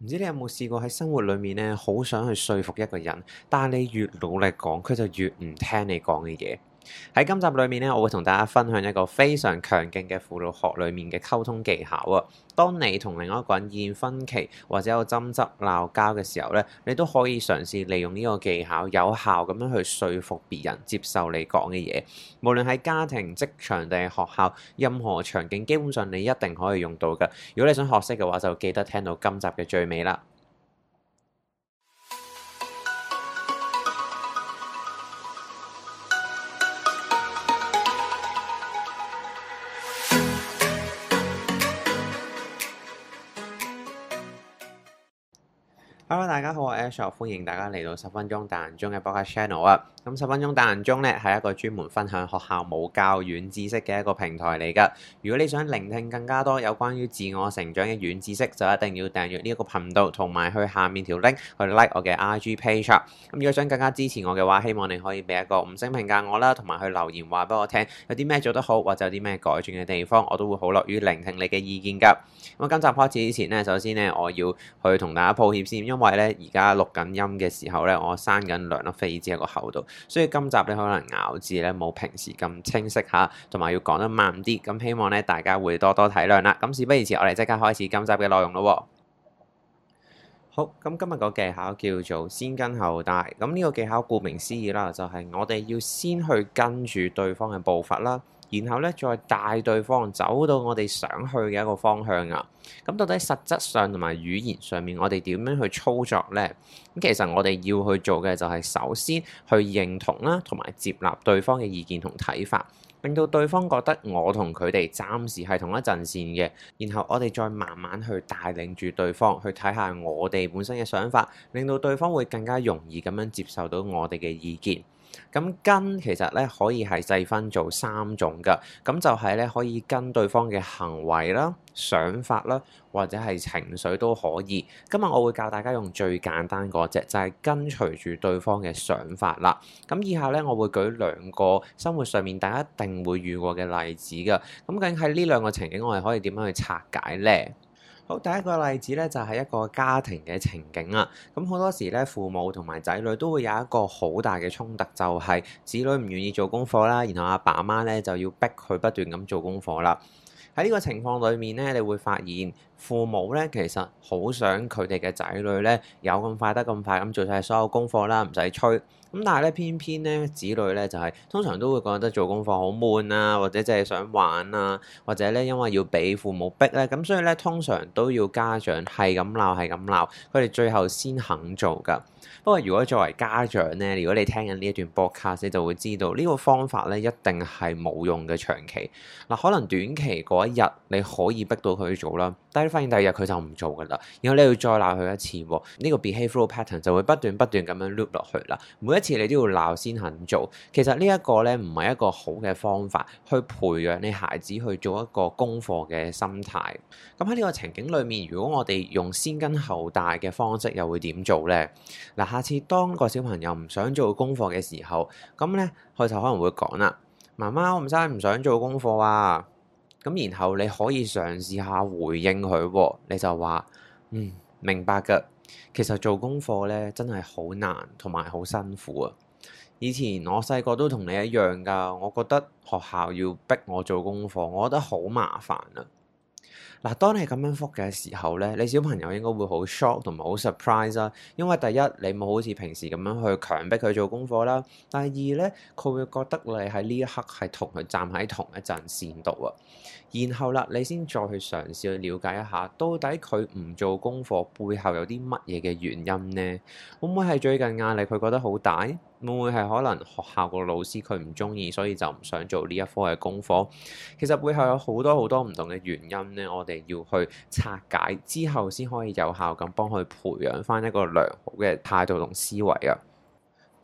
唔知你有冇試過喺生活裏面咧，好想去說服一個人，但係你越努力講，佢就越唔聽你講嘅嘢。喺今集裏面咧，我會同大家分享一個非常強勁嘅輔導學裏面嘅溝通技巧啊！當你同另外一個人現分歧或者有爭執、鬧交嘅時候咧，你都可以嘗試利用呢個技巧，有效咁樣去說服別人接受你講嘅嘢。無論係家庭、職場定係學校，任何場景，基本上你一定可以用到㗎。如果你想學識嘅話，就記得聽到今集嘅最尾啦。Hello 大家好，我係 Ash，e l 歡迎大家嚟到十分鐘彈鐘嘅博客 channel 啊！咁十分鐘彈鐘咧，係一個專門分享學校冇教軟知識嘅一個平台嚟噶如果你想聆聽更加多有關於自我成長嘅軟知識，就一定要訂閱呢一個頻道，同埋去下面條 link 去 like 我嘅 IG page。咁如果想更加支持我嘅話，希望你可以俾一個五星評價我啦，同埋去留言話俾我聽有啲咩做得好，或者有啲咩改轉嘅地方，我都會好樂於聆聽你嘅意見噶咁今集開始之前咧，首先咧我要去同大家抱歉先，因為。係咧，而家錄緊音嘅時候咧，我生緊兩粒痱滋喺個口度，所以今集咧可能咬字咧冇平時咁清晰吓，同埋要講得慢啲。咁希望咧大家會多多體諒啦。咁事不宜遲，我哋即刻開始今集嘅內容咯。好，咁今日個技巧叫做先跟後帶。咁呢個技巧顧名思義啦，就係、是、我哋要先去跟住對方嘅步伐啦。然後咧，再帶對方走到我哋想去嘅一個方向啊！咁到底實質上同埋語言上面，我哋點樣去操作呢？咁其實我哋要去做嘅就係首先去認同啦，同埋接納對方嘅意見同睇法，令到對方覺得我同佢哋暫時係同一陣線嘅。然後我哋再慢慢去帶領住對方去睇下我哋本身嘅想法，令到對方會更加容易咁樣接受到我哋嘅意見。咁跟其實咧可以係細分做三種噶，咁就係、是、咧可以跟對方嘅行為啦、想法啦，或者係情緒都可以。今日我會教大家用最簡單嗰隻，就係、是、跟隨住對方嘅想法啦。咁以下咧，我會舉兩個生活上面大家一定會遇過嘅例子噶。咁究竟喺呢兩個情景，我哋可以點樣去拆解呢？好，第一個例子咧就係一個家庭嘅情景啦。咁好多時咧，父母同埋仔女都會有一個好大嘅衝突，就係子女唔願意做功課啦，然後阿爸阿媽咧就要逼佢不斷咁做功課啦。喺呢個情況裡面咧，你會發現父母咧其實好想佢哋嘅仔女咧有咁快得咁快咁做晒所有功課啦，唔使催。咁但係咧，偏偏咧子女咧就係、是、通常都會覺得做功課好悶啊，或者淨係想玩啊，或者咧因為要俾父母逼咧，咁所以咧通常都要家長係咁鬧係咁鬧，佢哋最後先肯做噶。不過如果作為家長咧，如果你聽緊呢一段 podcast，你就會知道呢個方法咧一定係冇用嘅長期。嗱，可能短期嗰一日你可以逼到佢去做啦，但係發現第二日佢就唔做㗎啦，然後你要再鬧佢一次，呢、這個 behavioral pattern 就會不斷不斷咁樣 loop 落去啦，每一。次你都要鬧先肯做，其實呢一個咧唔係一個好嘅方法去培養你孩子去做一個功課嘅心態。咁喺呢個情景裏面，如果我哋用先跟後帶嘅方式，又會點做呢？嗱，下次當個小朋友唔想做功課嘅時候，咁呢，佢就可能會講啦：媽媽，我唔使唔想做功課啊。咁然後你可以嘗試下回應佢，你就話：嗯，明白㗎。其實做功課咧真係好難，同埋好辛苦啊！以前我細個都同你一樣噶，我覺得學校要逼我做功課，我覺得好麻煩啊！嗱，當你咁樣覆嘅時候咧，你小朋友應該會好 shock 同埋好 surprise 啦。因為第一，你冇好似平時咁樣去強迫佢做功課啦，第二咧，佢會覺得你喺呢一刻係同佢站喺同一陣線度啊。然後啦，你先再去嘗試去了解一下，到底佢唔做功課背後有啲乜嘢嘅原因呢？會唔會係最近壓力佢覺得好大？會唔會係可能學校個老師佢唔中意，所以就唔想做呢一科嘅功課？其實背後有好多好多唔同嘅原因呢。我。我哋要去拆解之後先可以有效咁幫佢培養翻一個良好嘅態度同思維啊。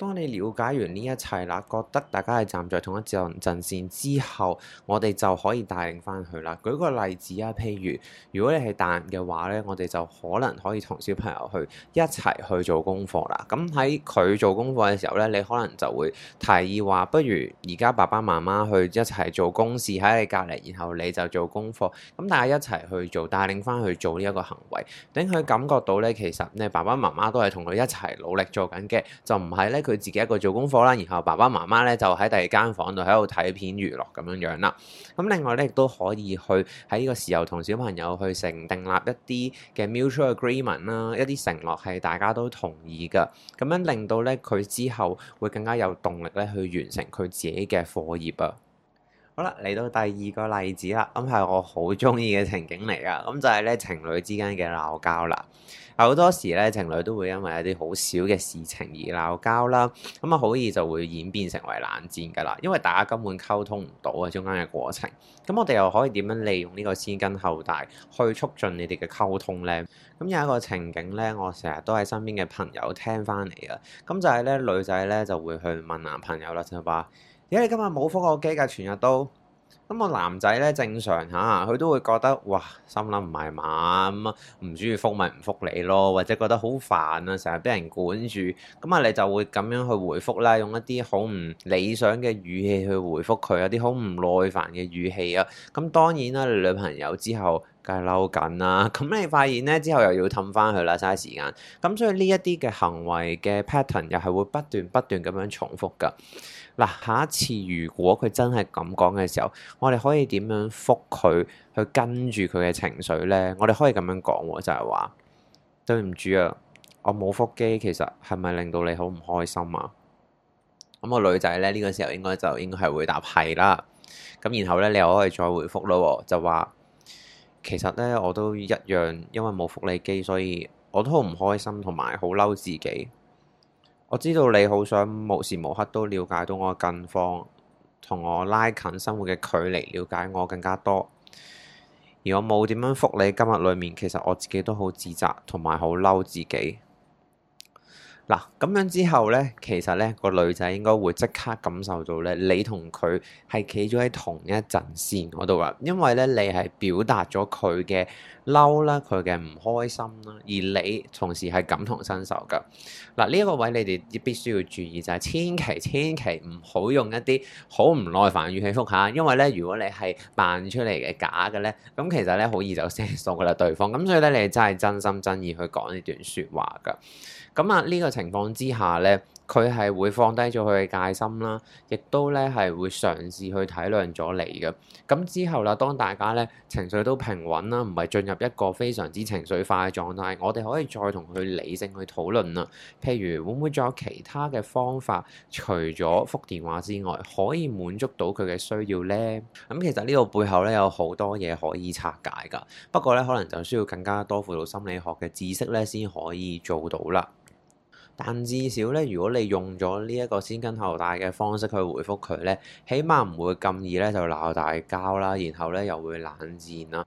當你了解完呢一切啦，覺得大家係站在同一陣陣線之後，我哋就可以帶領翻佢啦。舉個例子啊，譬如如果你係大人嘅話咧，我哋就可能可以同小朋友去一齊去做功課啦。咁喺佢做功課嘅時候咧，你可能就會提議話，不如而家爸爸媽媽去一齊做公事喺你隔離，然後你就做功課，咁大家一齊去做，帶領翻去做呢一個行為，等佢感覺到咧，其實你爸爸媽媽都係同佢一齊努力做緊嘅，就唔係咧佢自己一個做功課啦，然後爸爸媽媽咧就喺第二間房度喺度睇片娛樂咁樣樣啦。咁另外咧亦都可以去喺呢個時候同小朋友去成訂立一啲嘅 mutual agreement 啦，一啲承諾係大家都同意嘅，咁樣令到咧佢之後會更加有動力咧去完成佢自己嘅課業啊。好啦，嚟到第二個例子啦，咁係我好中意嘅情景嚟噶，咁就係咧情侶之間嘅鬧交啦。好多時咧，情侶都會因為一啲好少嘅事情而鬧交啦，咁啊好易就會演變成為冷戰噶啦，因為大家根本溝通唔到啊，中間嘅過程。咁我哋又可以點樣利用呢個先跟後帶去促進你哋嘅溝通呢？咁有一個情景咧，我成日都喺身邊嘅朋友聽翻嚟啊，咁就係咧女仔咧就會去問男朋友啦，就話。而家你今日冇覆我機㗎、啊，全日都咁。個男仔咧正常吓，佢都會覺得哇，心諗唔係嘛。咁啊，唔中意覆咪唔覆你咯，或者覺得好煩啊，成日俾人管住，咁啊你就會咁樣去回覆啦，用一啲好唔理想嘅語氣去回覆佢，一啲好唔耐煩嘅語氣啊，咁當然啦，你女朋友之後。梗係嬲緊啦，咁你發現咧之後又要氹翻佢啦，嘥時間。咁所以呢一啲嘅行為嘅 pattern 又係會不斷不斷咁樣重複噶。嗱，下一次如果佢真係咁講嘅時候，我哋可以點樣覆佢，去跟住佢嘅情緒咧？我哋可以咁樣講喎，就係話：對唔住啊，我冇覆機，其實係咪令到你好唔開心啊？咁個女仔咧呢個時候應該就應該係回答係啦。咁然後咧你又可以再回覆咯，就話。其實呢，我都一樣，因為冇覆你機，所以我都好唔開心，同埋好嬲自己。我知道你好想無時無刻都了解到我近況，同我拉近生活嘅距離，了解我更加多。而我冇點樣覆你今日裡面，其實我自己都好自責，同埋好嬲自己。嗱，咁樣之後咧，其實咧個女仔應該會即刻感受到咧，你同佢係企咗喺同一陣線嗰度啦，因為咧你係表達咗佢嘅嬲啦，佢嘅唔開心啦，而你同時係感同身受噶。嗱，呢一個位你哋必須要注意就係千祈千祈唔好用一啲好唔耐煩嘅語氣覆下，因為咧如果你係扮出嚟嘅假嘅咧，咁其實咧好易就識到噶啦對方。咁所以咧你真係真心真意去講呢段説話噶。咁啊，呢個情況之下呢，佢係會放低咗佢嘅戒心啦，亦都呢係會嘗試去體諒咗你嘅。咁之後啦，當大家呢情緒都平穩啦，唔係進入一個非常之情緒化嘅狀態，我哋可以再同佢理性去討論啦。譬如會唔會再有其他嘅方法，除咗覆電話之外，可以滿足到佢嘅需要呢？咁其實呢個背後呢，有好多嘢可以拆解㗎，不過呢，可能就需要更加多輔導心理學嘅知識呢，先可以做到啦。但至少咧，如果你用咗呢一個先跟後帶嘅方式去回覆佢咧，起碼唔會咁易咧就鬧大交啦，然後咧又會冷戰啦。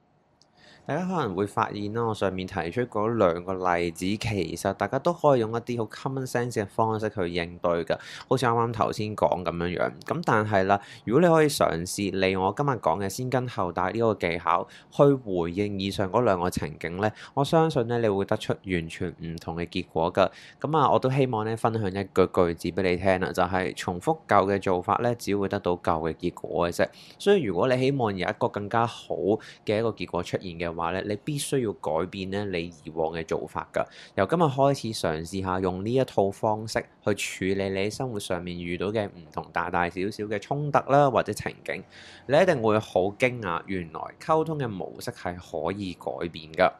大家可能會發現啦，我上面提出嗰兩個例子，其實大家都可以用一啲好 common sense 嘅方式去應對㗎，好似啱啱頭先講咁樣樣。咁但係啦，如果你可以嘗試利用我今日講嘅先跟後帶呢個技巧去回應以上嗰兩個情景呢，我相信呢，你會得出完全唔同嘅結果㗎。咁啊，我都希望呢分享一句句子俾你聽啦，就係重複舊嘅做法呢，只會得到舊嘅結果嘅啫。所以如果你希望有一個更加好嘅一個結果出現嘅，話咧，你必須要改變咧你以往嘅做法㗎。由今日開始嘗試下用呢一套方式去處理你喺生活上面遇到嘅唔同大大小小嘅衝突啦，或者情景。你一定會好驚訝，原來溝通嘅模式係可以改變㗎。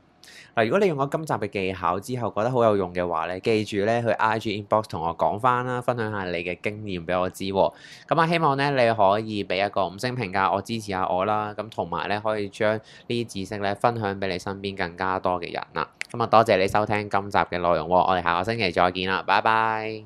嗱，如果你用我今集嘅技巧之後覺得好有用嘅話咧，記住咧去 IG inbox 同我講翻啦，分享下你嘅經驗俾我知。咁啊，希望咧你可以俾一個五星評價，我支持下我啦。咁同埋咧可以將呢啲知識咧分享俾你身邊更加多嘅人啦。咁啊，多謝你收聽今集嘅內容喎，我哋下個星期再見啦，拜拜。